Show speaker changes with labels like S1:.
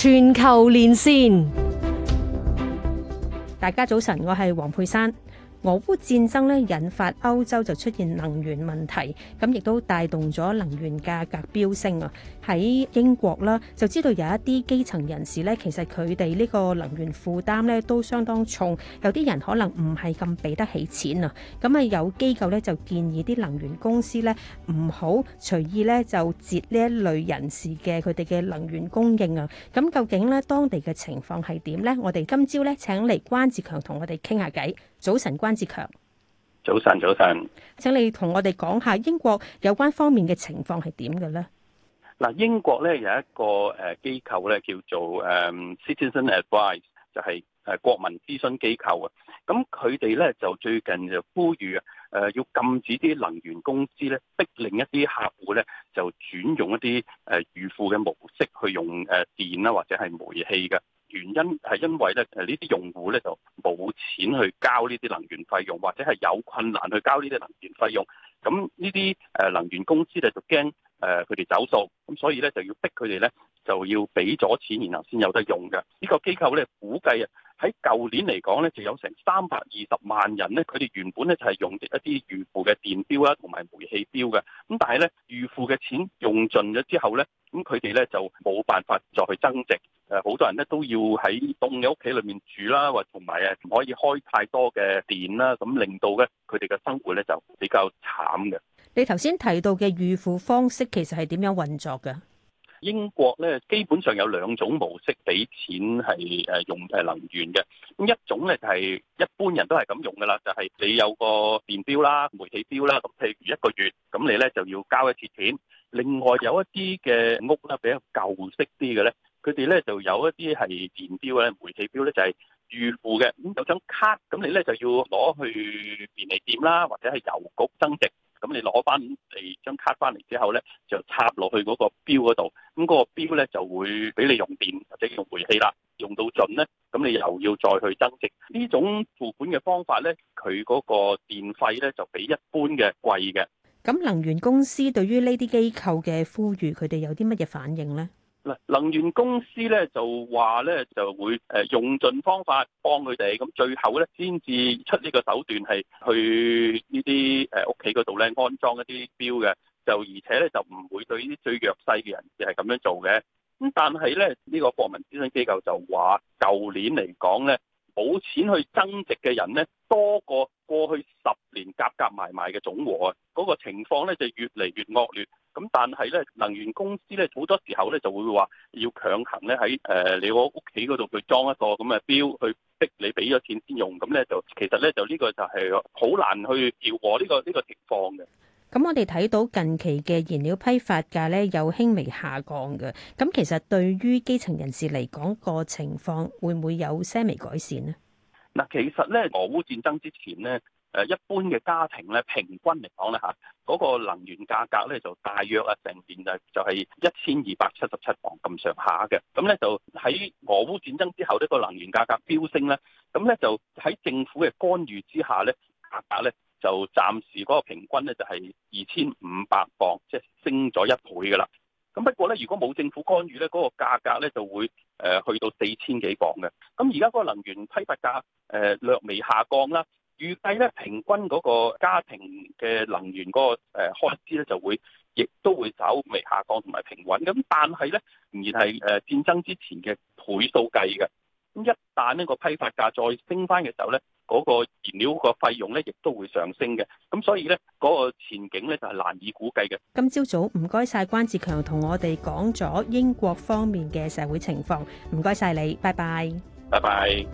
S1: 全球連線，大家早晨，我係黃佩珊。俄烏戰爭咧，引發歐洲就出現能源問題，咁亦都帶動咗能源價格飆升啊！喺英國啦，就知道有一啲基層人士咧，其實佢哋呢個能源負擔咧都相當重，有啲人可能唔係咁俾得起錢啊。咁啊，有機構咧就建議啲能源公司咧唔好隨意咧就截呢一類人士嘅佢哋嘅能源供應啊。咁究竟咧當地嘅情況係點咧？我哋今朝咧請嚟關志強同我哋傾下偈。早晨關志強，關志
S2: 強。早晨，早晨，
S1: 請你同我哋講下英國有關方面嘅情況係點嘅咧？
S2: 嗱，英國咧有一個誒機構咧叫做誒 Citizen Advice，就係誒國民諮詢機構啊。咁佢哋咧就最近就呼籲誒要禁止啲能源公司咧，逼，另一啲客戶咧就轉用一啲誒預付嘅模式去用誒電啦，或者係煤氣嘅。原因係因為咧誒呢啲用戶咧就。冇錢去交呢啲能源費用，或者係有困難去交呢啲能源費用，咁呢啲能源公司咧就驚佢哋走數，咁所以咧就要逼佢哋咧就要俾咗錢，然後先有得用嘅。呢個機構咧估計啊，喺舊年嚟講咧就有成三百二十萬人咧，佢哋原本咧就係用嘅一啲預付嘅電表啊，同埋煤氣表嘅，咁但係咧預付嘅錢用盡咗之後咧，咁佢哋咧就冇辦法再去增值。誒，好多人咧都要喺凍嘅屋企裏面住啦，或同埋誒唔可以開太多嘅電啦，咁令到咧佢哋嘅生活咧就比較慘嘅。
S1: 你頭先提到嘅預付方式，其實係點樣運作嘅？
S2: 英國咧基本上有兩種模式俾錢係誒用誒能源嘅。咁一種咧就係一般人都係咁用噶啦，就係你有個電表啦、煤氣表啦。咁譬如一個月，咁你咧就要交一次錢。另外有一啲嘅屋咧比較舊式啲嘅咧。佢哋咧就有一啲係電表咧、煤氣表咧，就係預付嘅。咁有張卡，咁你咧就要攞去便利店啦，或者係郵局增值。咁你攞翻嚟張卡翻嚟之後咧，就插落去嗰個表嗰度。咁嗰個表咧就會俾你用電或者用煤氣啦。用到盡咧，咁你又要再去增值。呢種付款嘅方法咧，佢嗰個電費咧就比一般嘅貴嘅。
S1: 咁能源公司對於呢啲機構嘅呼籲，佢哋有啲乜嘢反應咧？
S2: 嗱，能源公司咧就話咧就會誒用盡方法幫佢哋，咁最後咧先至出呢個手段係去呢啲誒屋企嗰度咧安裝一啲表嘅，就而且咧就唔會對呢啲最弱勢嘅人士係咁樣做嘅。咁但係咧呢個國民諮詢機構就話，舊年嚟講咧冇錢去增值嘅人咧多過過去十年夾夾埋埋嘅總和啊，嗰個情況咧就越嚟越惡劣。咁但係咧，能源公司咧，好多時候咧就會話要強行咧喺誒你個屋企嗰度去裝一個咁嘅錶，去逼你俾咗錢先用。咁咧就其實咧就呢個就係好難去調和呢、呢個呢、呢個情況嘅。
S1: 咁我哋睇到近期嘅燃料批發價咧有輕微下降嘅。咁其實對於基層人士嚟講，個情況會唔會有些微改善呢？
S2: 嗱，其實咧，俄烏戰爭之前咧。誒一般嘅家庭咧，平均嚟講咧嚇，嗰個能源價格咧就大約啊成年就就係一千二百七十七磅咁上下嘅。咁咧就喺俄烏戰爭之後，呢個能源價格飆升咧。咁咧就喺政府嘅干預之下咧，價格咧就暫時嗰個平均咧就係二千五百磅，即係升咗一倍噶啦。咁不過咧，如果冇政府干預咧，嗰個價格咧就會誒去到四千幾磅嘅。咁而家嗰個能源批發價誒略微下降啦。預計咧，平均嗰個家庭嘅能源嗰個誒開支咧，就會亦都會稍微下降同埋平穩。咁但係咧，仍然係誒戰爭之前嘅倍數計嘅。咁一旦呢個批發價再升翻嘅時候咧，嗰個燃料個費用咧，亦都會上升嘅。咁所以咧，嗰個前景咧就係難以估計嘅。
S1: 今朝早唔該晒關志強同我哋講咗英國方面嘅社會情況，唔該晒你，拜拜。
S2: 拜拜。